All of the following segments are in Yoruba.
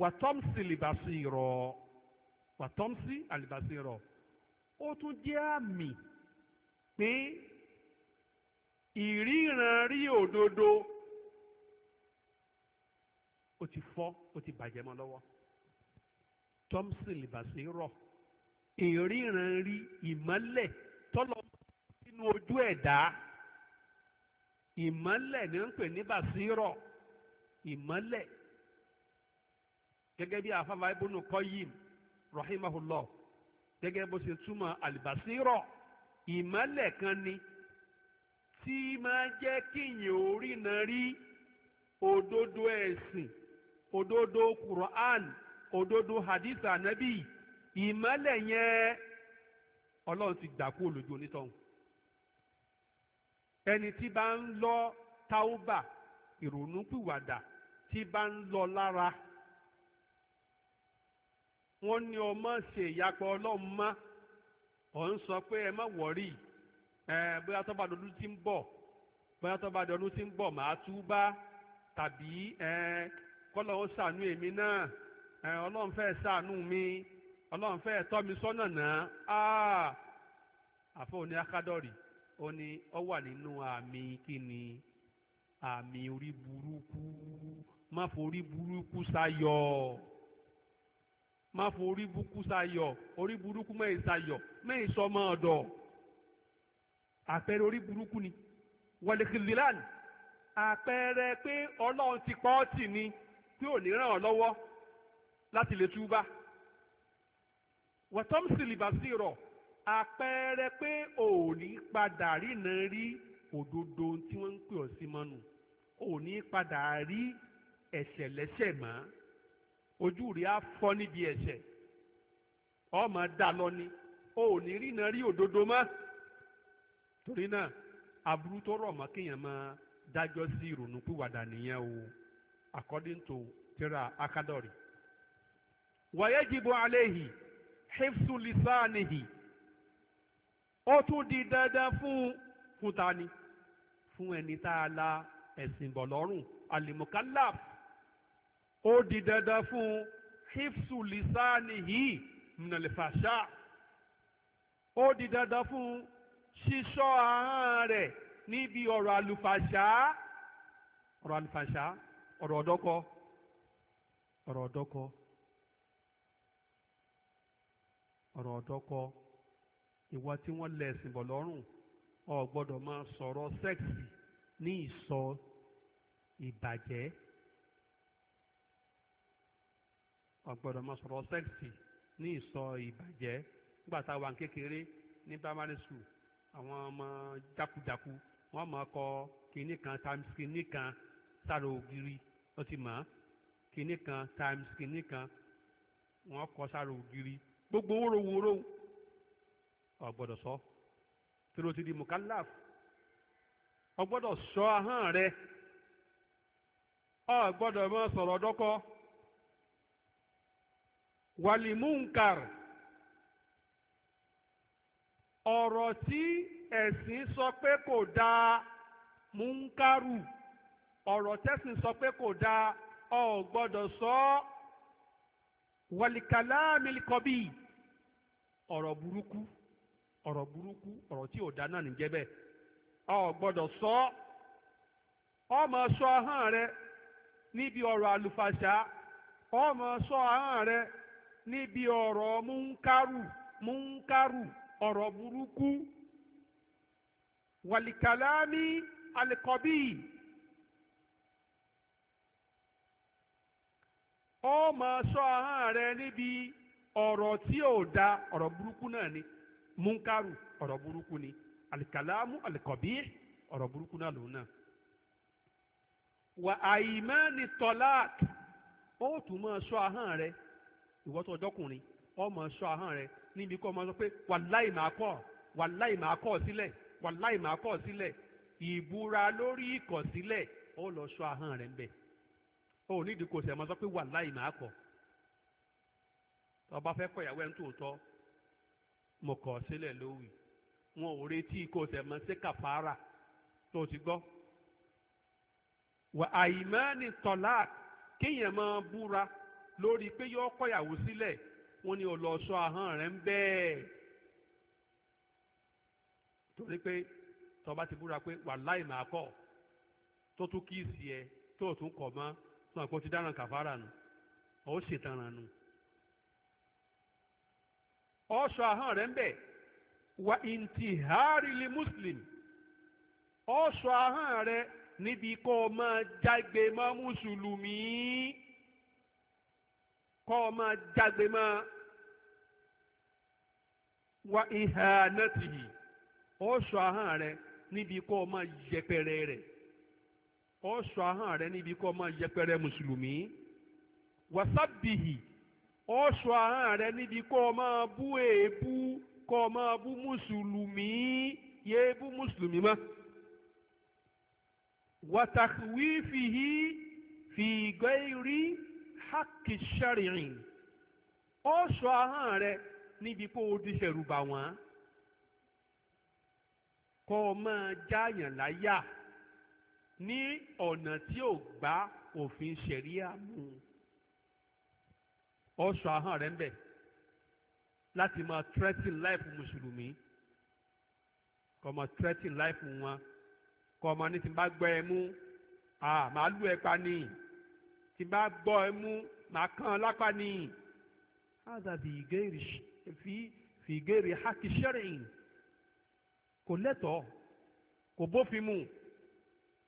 wàtọ́msì lìbàṣì rọ̀ wàtọ́msì àlìbàṣì rọ̀ ó tún jẹ́ àmì pé ìríran rí òdodo ó ti fọ́ ó ti bàjẹ́ mọ́ lọ́wọ́ tọ́msì lìbàṣì rọ̀ ìríran rí ìmọ́lẹ̀ tọ́lọ́ nínú ojú ẹ̀dá ìmọ́lẹ̀ ni ń pè ní bàṣírọ̀ ìmọ́lẹ̀ gẹ́gẹ́ bí àfàwà ibùnú kọ́yìm rahimahullah gẹ́gẹ́ bó ṣe túmọ̀ àlìbàṣírọ̀ ìmọ́lẹ̀ kan ni tí máa jẹ́ kíyìn orí náà rí òdodo ẹ̀sìn òdodo Qur'an òdodo hadith anabi ìmọ́lẹ̀ yẹn ọlọ́run ti gbà kú olójú onítọ̀hún ẹni tí bá ń lọ tauba ìrònúpìwàdà tí bá ń lọ lára wọ́n ní ọmọ ṣe ìyapọ̀ ọlọ́run má ọ̀ ń sọ pé ẹ má wọ̀rí ẹ bóyá tó bá dọdún tí ń bọ̀ bóyá tó bá dọdún tí ń bọ̀ màá túbá tàbí ẹ kọ́lọ̀ ó ṣàánú èmi náà ẹ ọlọ́run fẹ́ ṣàánú mi ọlọ́run fẹ́ tọ́ mi sọ́nà náà áà àfọ́ òní akádọ́rì ó ní ọ wà nínú àmì kíni àmì orí burúkú má forí burúkú sáyọ̀. má fo orí burúkú sayọ̀ orí burúkú mẹ́yìn sayọ̀ mẹ́yìn sọmọ ọ̀dọ̀ àpẹẹrẹ orí burúkú ni wọlékìlélán àpẹẹrẹ pé ọlọ́run ti pa ọ́ tì ni pé ò ní ràn ọ́ lọ́wọ́ láti lè túbà wọ́tọ́mùsì lìbàsí rọ̀ àpẹẹrẹ pé ò ní padà rìnà rí òdodo tí wọ́n ń pè ọ́ sí mọ́nu ò ní padà rí ẹ̀ṣẹ̀ lẹ́ṣẹ̀ mọ́. ojú rí á fọ́ níbi ẹ̀ṣẹ̀ ọmọ dà lọ ni o ò ní rí iná rí òdodo mọ́ torí náà aburú tó rọ̀ mọ́ kéèyàn máa dájọ́ sí ìrònú pìwàdà nìyẹn o according to tira akadori. wàyẹ́jìbọn aléhì hifsu lisanihi ó tún di dandan fún fún ta ni fún ẹni tá a la ẹ̀sìn bọ̀ lọ́rùn alimukallaf ó di dandan fún hifsu lisanihi minalifasha ó di dandan fún ṣíṣọ́ ahọ́n rẹ̀ níbi ọ̀rọ̀ àlùfàṣà ọ̀rọ̀ àlùfàṣà ọ̀rọ̀ ọ̀dọ́kọ ọ̀rọ̀ ọ̀dọ́kọ ọ̀rọ̀ ọ̀dọ́kọ ìwà tí wọ́n lẹ̀ ẹ̀sìn bọ̀ lọ́rùn o gbọ́dọ̀ máa sọ̀rọ̀ sẹ́ẹ̀sì ní ìsọ ìbàjẹ́. ọ̀gbọ́dọ̀ máa sọ̀rọ̀ sẹ́ẹ̀sì ní ìsọ ìbàjẹ́ nígbà tá a wà kékeré ní primary school àwọn ọmọ wọn kọ kinní kan times kinní kan sára ògiri ó ti kinní kan times kinní kan kọ sára ògiri gbogbo wóróworó ọ̀gbọ́dọ̀ sọ tí ti di ọ̀gbọ́dọ̀ sọ ahọ́n rẹ ọ̀gbọ́dọ̀ walimunkar ọ̀rọ̀ tí ẹ̀sìn sọ pé kò dáa munkaru ọ̀rọ̀ tẹ́sìn sọ pé kò dáa ọ gbọ́dọ̀ sọ ọ́ wàlíkàlámìlìkọ́bì ọ̀rọ̀ burúkú ọ̀rọ̀ burúkú ọ̀rọ̀ tí ò dáa náà nìjẹ́ bẹ́ẹ̀ o gbọ́dọ̀ sọ ọmọ sọ ahọ́n rẹ níbi ọ̀rọ̀ àlùfàṣà ọmọ sọ ahọ́n rẹ níbi ọ̀rọ̀ múnkárù múnkárù ọ̀rọ̀ burúkú wàlìkàlámì alikọ́bí ọ máa ṣọ́ ahọ́n rẹ níbi ọ̀rọ̀ tí ò da ọ̀rọ̀ burúkú náà ni múnkárù ọ̀rọ̀ burúkú ni alikàlámù alikọ́bí ọ̀rọ̀ burúkú náà lòun náà wà ni ó tún máa ahọ́n ìwọ tó ọjọ́kùnrin ọmọ sọ ahọ́n rẹ níbi kọ́ ọmọ sọ pé wàláì máa kọ̀ wàláì máa kọ̀ sílẹ̀ wàláì máa kọ̀ sílẹ̀ ìbúra lórí ìkọ̀sílẹ̀ ó lọ sọ ahọ́n rẹ ń bẹ̀ ó nídìí kò sẹ̀ ọmọ sọ pé wàláì máa kọ̀ ọba fẹ́ kọ ìyàwó ẹni tó tọ́ mo kọ̀ sílẹ̀ lówì wọn ò retí kó sẹ̀mọ́ sí kàfàrà tó ti gbọ́. wà àìmọ́ ni tọ́lá kéèyàn máa búra lórí pé yọ kọyàwó sílẹ̀ wọ́n ní ọlọsọ ahọ́n rẹ̀ ń bẹ́ẹ̀ torí pé tọba ti búra pé wàláì máa kọ tó tún kíìsì ẹ tó o tún kọ tó ti dáràn kàfàrà nù nù ọsọ ahọ́n rẹ̀ ń bẹ wà ìntìhárì muslim ọsọ ahọ́n rẹ̀ níbi kó o máa jágbe kọ́ ọ máa jágbe máa wa ìhà nẹ́tìhì ó sọ ahọ́n rẹ níbi kọ́ ọ máa yẹpẹrẹ rẹ̀ ó sọ ahọ́n rẹ níbi kọ́ ọ máa yẹpẹrẹ mùsùlùmí wàsábìhì ó sọ ahọ́n rẹ níbi kọ́ ọ máa èébú kọ́ ọ máa mùsùlùmí yéébú mùsùlùmí mọ́ wàtàkùwí fìhí fìgọ́ ìrí. hakki shari'in ó sọ ahọ́n rẹ níbi kó o di ṣẹ̀rùbà wọ́n kọ́ ọ máa jáàyàn láyà ní ọ̀nà tí ò gbá òfin ṣẹ̀ríà mu ó sọ ahọ́n rẹ ń láti máa threaten life mùsùlùmí kọ́ máa threaten life wọn kọ́ máa ní ti bá gbẹ́ ẹ mú àmàlù ẹ pa nìyí. tí bá gbọ́ ẹ mú màá kàn lápá ni hádà fìgèrè hákì ṣẹ́rìn kò lẹ́tọ̀ọ́ kò bófin mu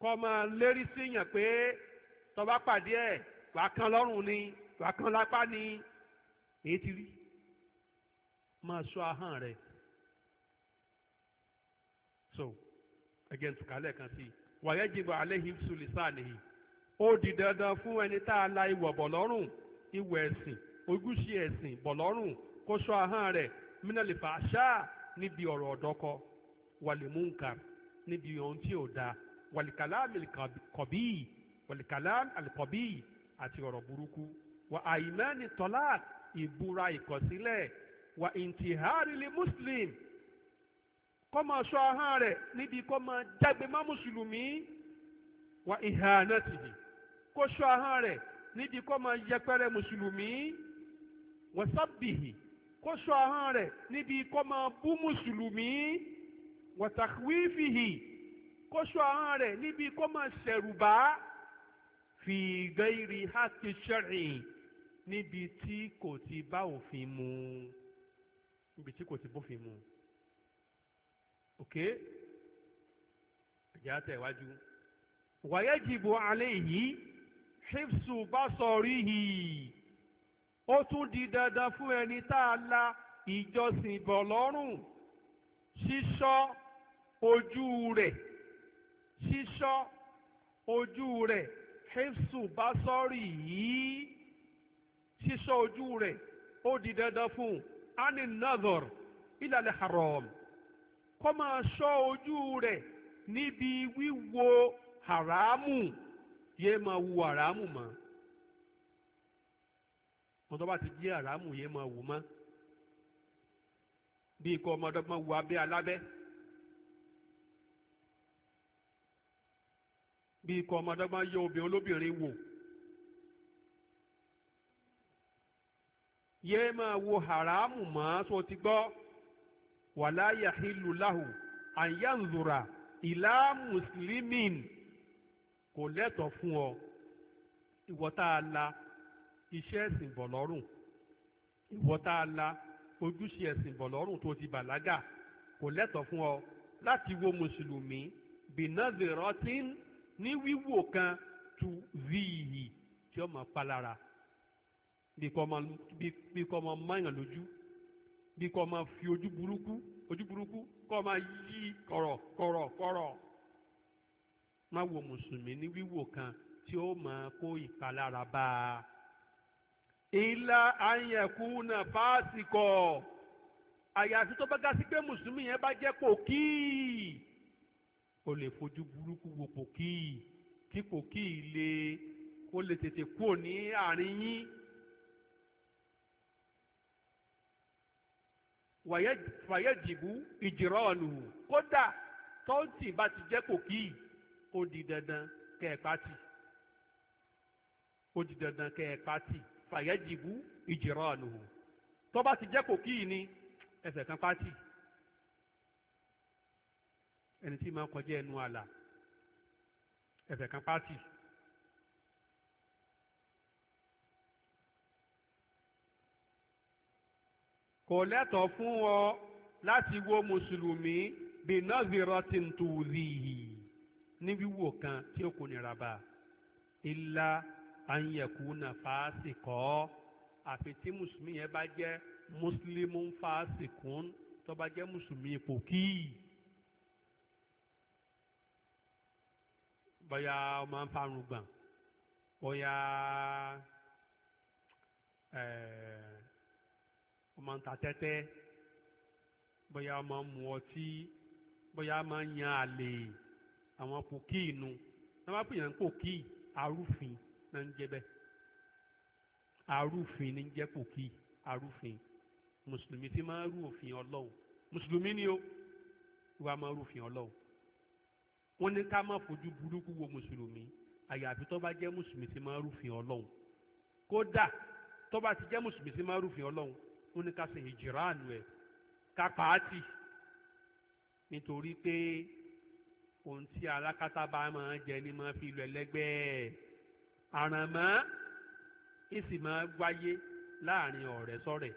kọ́ máa lérí síyàn pé tọba pàdé ẹ̀ á kàn lọ́rùn ni á kàn lápá ni èyí ti rí máa sọ ahọ́n rẹ̀ so again tukàlẹ̀ kan si sí wàyẹ́jìbọ̀ alẹ́ nìyí. ó di dandan fún ẹni tá a la ìwọ̀ bọ̀ lọ́rùn ìwọ̀ ẹ̀sìn ojúṣe ẹ̀sìn bọ̀ lọ́rùn kó sọ ahọ́n rẹ̀ mínàlìfà ṣáà níbi ọ̀rọ̀ ọ̀dọ́kọ wàlímúǹkà níbi ohun tí ò dáa wàlìkàlám kọ̀bí wàlìkàlám àlìkọ̀bí àti ọ̀rọ̀ burúkú wà àyìmẹ́ni tọ́lá ìbúra ìkọ̀sílẹ̀ wà ìntìhárìlì muslim kọ́ máa sọ ahọ́n rẹ̀ níbi kọ́ máa jágbe má mùsùlùmí wà ìhànà tìbí kó ṣọ́ ahọ́n rẹ̀ níbi kó máa yẹpẹrẹ mùsùlùmí wọ́sábìhì kó ṣọ́ ahọ́n rẹ̀ níbi kó máa bú mùsùlùmí wọ́tàwífìhì kó ṣọ́ ahọ́n rẹ̀ níbi kó máa ṣẹ̀rùbá fìgẹ́rì hákì ṣẹ́rìn níbi tí kò ti bá òfin mu níbi tí kò ti bófin mu ok ẹ̀jẹ̀ tẹ̀ wájú wàyẹ́jìbò alẹ́ yìí hifsu basorihi ó tún di dandan fún ẹni tá a la ìjọsìn bọ̀ lọ́rùn ṣíṣọ́ ojú rẹ̀ ṣíṣọ́ ojú rẹ̀ hifsu basorihi ṣíṣọ́ ojú rẹ̀ ó di dandan fún ani nazar ilal haram kó máa ṣọ́ ojú rẹ̀ níbi wíwo haramu yéé máa wu àràmù mọ́ wọn tó bá ti jí àràmù yéé máa wù mọ́ bí ikọ̀ ọmọdọ́gbọ́n wu abẹ́ alábẹ́ bí ikọ̀ ọmọdọ́gbọ́n yọ obìnrin olóbìnrin wò yéé máa wo haramu mọ́ tó ti gbọ́ wàláyà hìlù láhù àyànzùrà ìlà mùsùlùmíìn kò lẹ́tọ̀ọ́ fún ọ ìwọ tá a la iṣẹ́ ẹ̀sìn bọ̀ lọ́rùn ìwọ tá a la ojúṣe ẹ̀sìn bọ̀ lọ́rùn tó ti bàlágà kò lẹ́tọ̀ọ́ fún ọ láti wo mùsùlùmí bìnàzìrọ́tín ní wíwò kan tu vihi tí ó máa palára bí kò máa mọ́yàn lójú bí kò máa fi ojú burúkú ojú burúkú kò máa yí kọ̀rọ̀ kọ̀rọ̀ kọ̀rọ̀ má wo mùsùlùmí ní wíwò kan tí ó máa kó ìpalára bá a. ìlà àyẹ̀kú na fásikọ̀ àyàfi tó bá ga sí pé mùsùlùmí yẹn bá jẹ́ pòkì o lè fojú burúkú wo pòkì kí pòkì lè kó lè tètè kúrò ní àárín yín. fàyẹ̀jìbú ìjìrọ̀ ọ̀nù kódà tọ́ǹtì bá ti jẹ́ pòkì yìí ó di dandan kẹ́ ẹ pátì ó di dandan kẹ́ ẹ pátì fàyẹ́jìbú ìjìrọ̀ ànùhù tó bá ti jẹ́ kò kí ni ẹsẹ̀ kan pátì ẹni tí máa kọjá ẹnu àlà ẹsẹ̀ kan pátì. kò lẹ́tọ̀ọ́ fún ọ láti wo mùsùlùmí bí nọ́ọ̀sì rọtìntùzì yìí ní wíwò kan tí ó kò nira bá ilá anyẹ̀kú na fàásì kọ́ àfi tí mùsùlùmí yẹn bá jẹ́ mùsùlùmí fàásì kún tó bá jẹ́ mùsùlùmí kò kíì. bóyá ọmọ ń farun gbọ̀n bóyá ọmọ ń ta tẹ́tẹ́ bóyá ọmọ ń mu ọtí bóyá ọmọ ń yan àlè àwọn pòkì inú wọ́n bá pèyàn pòkì arúfin náà ń jẹ́ bẹ́ẹ̀ arúfin ní jẹ́ pòkì arúfin mùsùlùmí ti máa ń rú òfin ọlọ́run mùsùlùmí ni ó wá máa ń rú òfin ọlọ́run wọ́n ní ká má fojú burúkú wo mùsùlùmí àyàfi tó bá jẹ́ mùsùlùmí ti máa ń rúfin ọlọ́run kódà tó bá ti jẹ́ mùsùlùmí ti máa ń rúfin ọlọ́run wọ́n ní ká ṣe ìjìránù ẹ̀ ká pàátì nítorí pé ohun tí alákatá bá máa jẹ ni máa fi lọ ẹlẹgbẹ́ àràmọ́ ìsì máa wáyé láàrin ọ̀rẹ́ sọ̀rẹ́.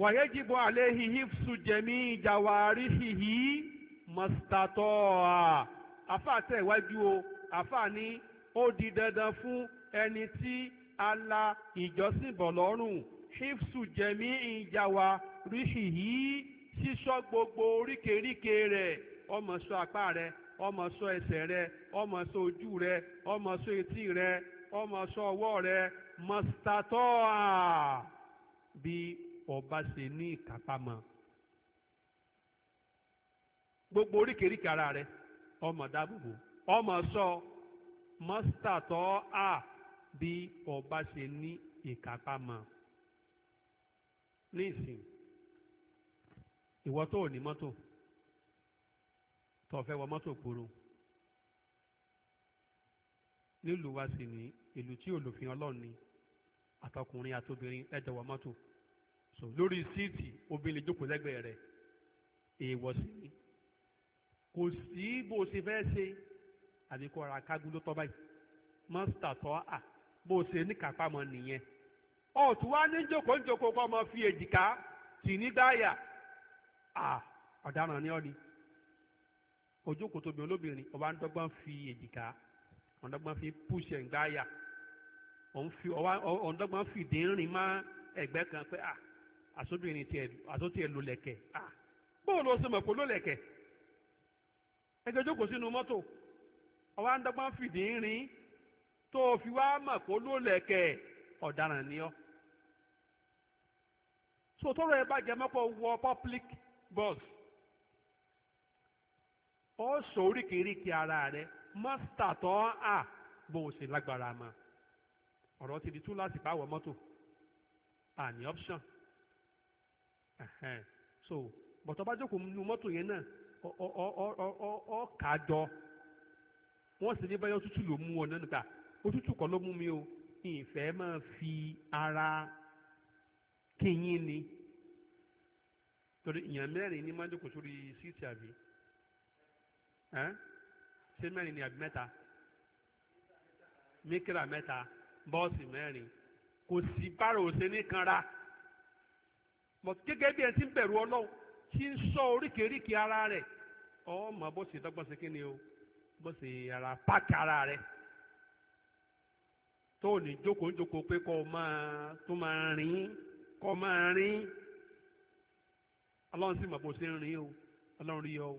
wàyéjìbọ àléhi hifsu jẹmí ìjàwárí hìhí mọ̀sítàtọ̀ àfáà tẹ̀ o àfáà ní ó di dandan fún ẹni tí ala ìjọsìn bọ̀ lọ́rùn hifsu jẹmí ìjàwárí hìhí. sísọ gbogbo oríkèéríkèé rẹ̀ ọmọ sọ apá rẹ̀ ọmọ sọ ẹsẹ̀ rẹ̀ ọmọ sọ ojú rẹ̀ ọmọ sọ etí rẹ̀ ọmọ sọ ọwọ́ rẹ̀ mọ́sítátọ́à bí ọba ṣe ní ìkápámọ́ gbogbo oríkèéríkèé ara rẹ̀ ọmọ dábòbò ọmọ sọ mọ́sítátọ́à bí ọba ṣe ní ìkápámọ́ nísìnyí ìwọ tó ò ní mọ́tò tó fẹ́ wọ mọ́tò kúrú nílùú wa sì ní ìlú tí olùfin ọlọ́run ni àtọkùnrin àtobìnrin ẹ wọ mọ́tò so lórí síìtì obìnrin jókòó lẹ́gbẹ̀ẹ́ rẹ̀ èèwọ̀ sí ni kò sí bó o ṣe fẹ́ ṣe àbí kó ara kágún ló tọ́ báyìí mọ́sítà tọ́ à bó o ṣe níkàápamọ́ nìyẹn ọ̀tún wá ní jókòó jókòó kọ́ ọmọ fi èjìká tì ní gbáyà à ọ̀daràn ni ọ́ ni ojókòó tóbi olóbìnrin ọba ń dọ́gbọ́n fi èjìká ọ̀n dọ́gbọ́n fi púṣẹ̀ ń gbáyà ọ̀n dọ́gbọ́n fi ìdínrín má ẹ̀gbẹ́ kan pé à àsóbìnrin tiẹ̀ àsótì ẹ̀ lólẹ̀kẹ̀ à bóòlù ó sì mọ̀ pé lólẹ̀kẹ̀ ẹgbẹ́ jókòó sínú mọ́tò ọba ń dọ́gbọ́n fi ìdínrín tó o fi wá mọ̀ pé lólẹ̀kẹ̀ ọ̀daràn ni ọ́ so tọrọ ẹ bá jẹ wọ public boss ó sọ oríkèéríkèé ara rẹ mọ́sítà tó à bó o sì lágbára mọ́ ọ̀rọ̀ ti di tú láti báwọ̀ mọ́tò àní option so bọ̀tọ̀ bá jókòó nínú mọ́tò yẹn náà ọ kà á jọ wọ́n sì ní báyọ̀ òtútù ló mú ọ náà nígbà òtútù kọ́ ló mú mi o ìfẹ́ máa fi ara kíyín ni torí èèyàn mẹ́rin ní máa ń dòkò sórí síìtì àbí ṣé mẹ́rin ni àbí mẹ́ta mikra mẹ́ta bọ́ọ̀sì mẹ́rin kò sí bárò ṣe ní kanra gẹ́gẹ́ bí ẹ ti ń bẹ̀rù ọlọ́run tí ń sọ oríkèéríkèé ara rẹ̀ ọmọ bó ṣe dọ́gbọ́n ṣe kí ni o bó ṣe ara páàkì ara rẹ̀ tó ní jókòó jókòó pé kó máa tó máa rìn kó máa rìn ọlọ́run sì mọ̀ bó ṣe ń rìn o ọlọ́run rí ọ o.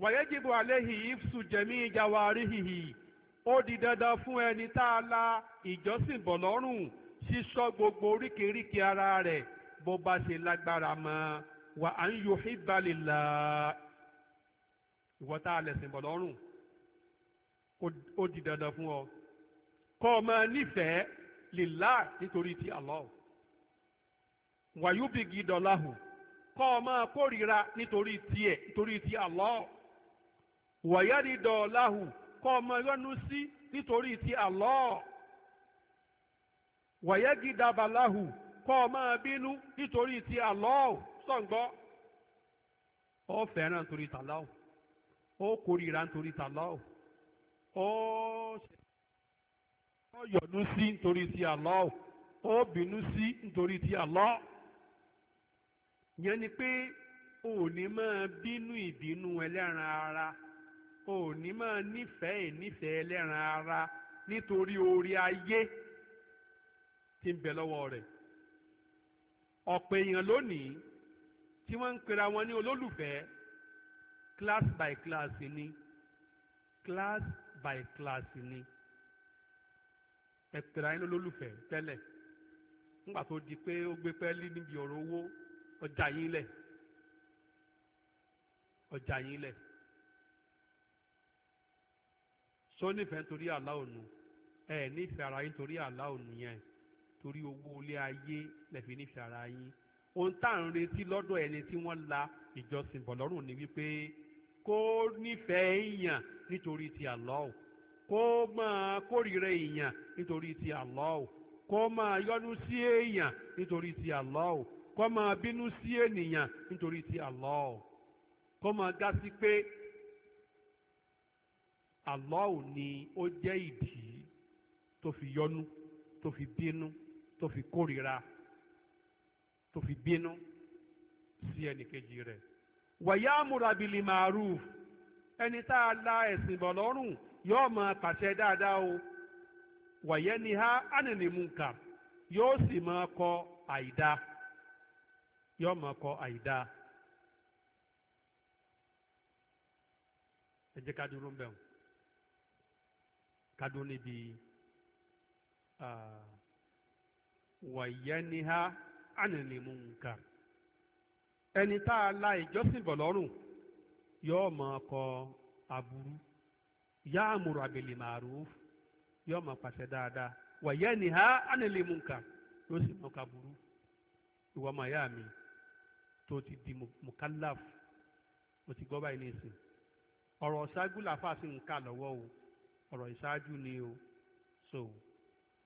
wàyẹ́jìbò àléhì ìfṣù jẹ̀mí ìjàwárí hìhì ó di dandan fún ẹni tá a la ìjọsìn bọ̀ lọ́rùn sísọ gbogbo oríkèéríkèé ara rẹ̀ bó bá ṣe lágbára mọ́ wà á ń yọ ìbálẹ̀lá ìwọ tá a lẹ̀sìn bọ̀ lọ́rùn ó di dandan fún ọ kọ́ ọ máa nífẹ̀ẹ́ lillah nítorí ti Allah wàyúbì gidọ̀láhù kọ́ ọ máa kórìíra nítorí tiẹ̀ nítorí ti Allah wàyádìdọ̀láhù kọ́ ọ máa yọ́nú sí nítorí ti Allah wàyẹ́gídàbàláhù kọ́ ọ máa bínú nítorí ti Allah sọ̀ǹgbọ́ ó fẹ́ràn nítorí tàlá ó kórìíra nítorí ó ṣe. ó yọ sí nítorí ti Allah ó bínú sí nítorí ti Allah yẹn ni pé o máa bínú ìbínú ẹlẹ́ran ara máa nífẹ̀ẹ́ ara nítorí orí ayé ń bẹ lọ́wọ́ rẹ̀ ọ̀pọ̀ èèyàn lónìí tí wọ́n ń by class ni class by class ni. ẹ pèrè ayé lólùfẹ́ tẹ́lẹ̀ nígbà tó di pé ó gbé pẹ́ẹ́lí níbi ọ̀rọ̀ owó ọjà yín lẹ̀ ọjà yín lẹ̀ sọ nífẹ̀ẹ́ nítorí àlá ònu ẹ nífẹ̀ẹ́ ara yín torí àlá ònu yẹn torí owó ilé ayé lẹ́fi nífẹ̀ẹ́ ara yín ohun tá à ń retí lọ́dọ̀ ẹni tí wọ́n la ìjọsìn bọ̀ lọ́rùn ni wípé kó nífẹ̀ẹ́ èèyàn nítorí ti àlọ́ ò kó máa kórìíra èèyàn nítorí ti Allah kó máa yọ́nú sí èèyàn nítorí ti Allah kó máa bínú sí ènìyàn nítorí ti Allah kó máa gá sí pé Allah ni ó jẹ́ ìdí tó fi yọ́nú tó fi bínú tó fi kórìíra tó fi bínú sí ẹnìkejì rẹ̀ wàyà amúrabìlì màrúf ẹni tá a la ẹ̀sìn bọ̀ lọ́rùn yóò máa kàṣẹ dáadáa o wàyẹ́ ni ha ánìlèmùkà yóò sì máa kọ àìdá yóò máa kọ àìdá. ẹ jẹ́ ká dúró ń bẹ̀ wọ́n ká dúró níbi wàyẹ́ ni ha ánìlèmùkà ẹni tá a la ìjọsìn bọ̀ lọ́rùn yóò máa kọ aburú. yá àmùrù àbèlè ya yóò máa pàṣẹ dáadáa wàyẹ́ ni ha ánìlè nka o yóò sì ka buru ìwọ ọmọ ìyá mi tó ti di mukallaf o ti gbọ́ báyìí nísìn ọ̀rọ̀ ṣáájú làáfà sí ń kà lọ́wọ́ o ọ̀rọ̀ ìṣáájú ni o so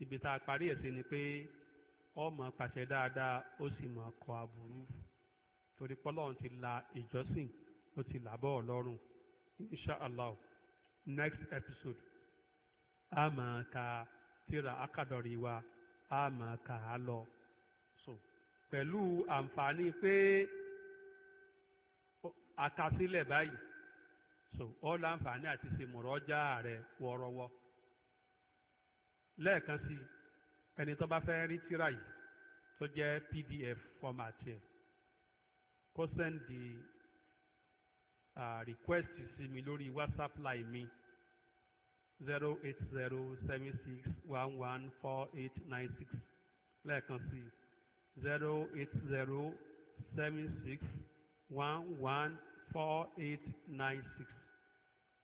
ibi tá a parí ẹ̀ sí ni pé o pàṣẹ dáadáa ó sì mọ̀ ọkọ̀ aburú torí pé Ọlọ́run ti la ìjọsìn ó ti làbọ̀ ọlọ́run insha Allah. next episode a máa ka tíra akadọ̀rì wa a máa kà á lọ so pẹ̀lú àǹfààní pé àkásílẹ̀ báyìí so ó láǹfààní àti ṣèmùrọ́jà rẹ̀ wọ́ọ́rọ́wọ́ lẹ́ẹ̀kan sí ẹni tó bá fẹ́ rí tíra yìí tó jẹ́ pdf format yẹ kó sẹ́ndì uh, request sí mi lórí whatsapp line mi zero eight zero seven six one one four eight nine six lẹ́ẹ̀kan sí zero eight zero seven six one one four eight nine six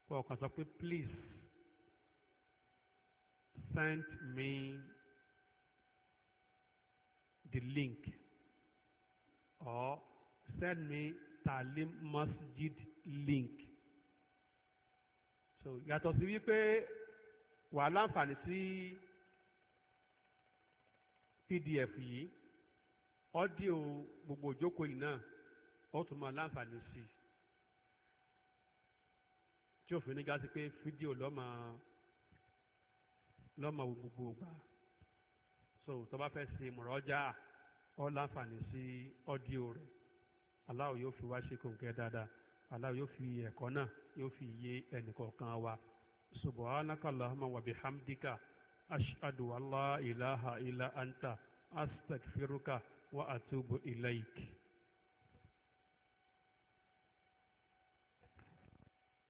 kọ́ ọ̀kan sọ pé please send me the link or send me talim masjid link so yàtọ̀ sí wípé wà á láǹfààní sí pdf yìí ọ́díò gbogbo ìjókòó yìí náà ó tún máa láǹfààní sí i tí òfin ní gásí pé fídíò lọ́mọ lọ́mọ gbogbo ògbà so tó bá fẹ́ ṣe mọ̀rọ́jà ó láǹfààní sí ọ́díò rẹ̀ aláwọ̀ yóò fi wá ṣe kòǹkẹ́ dáadáa. Allah yóò fi ẹ̀kọ́ náà yóò fi yé ẹnìkọ̀ọ̀kan wa subhanaka allahumma wa bihamdika ashhadu an la ilaha illa anta astaghfiruka wa atubu ilayk.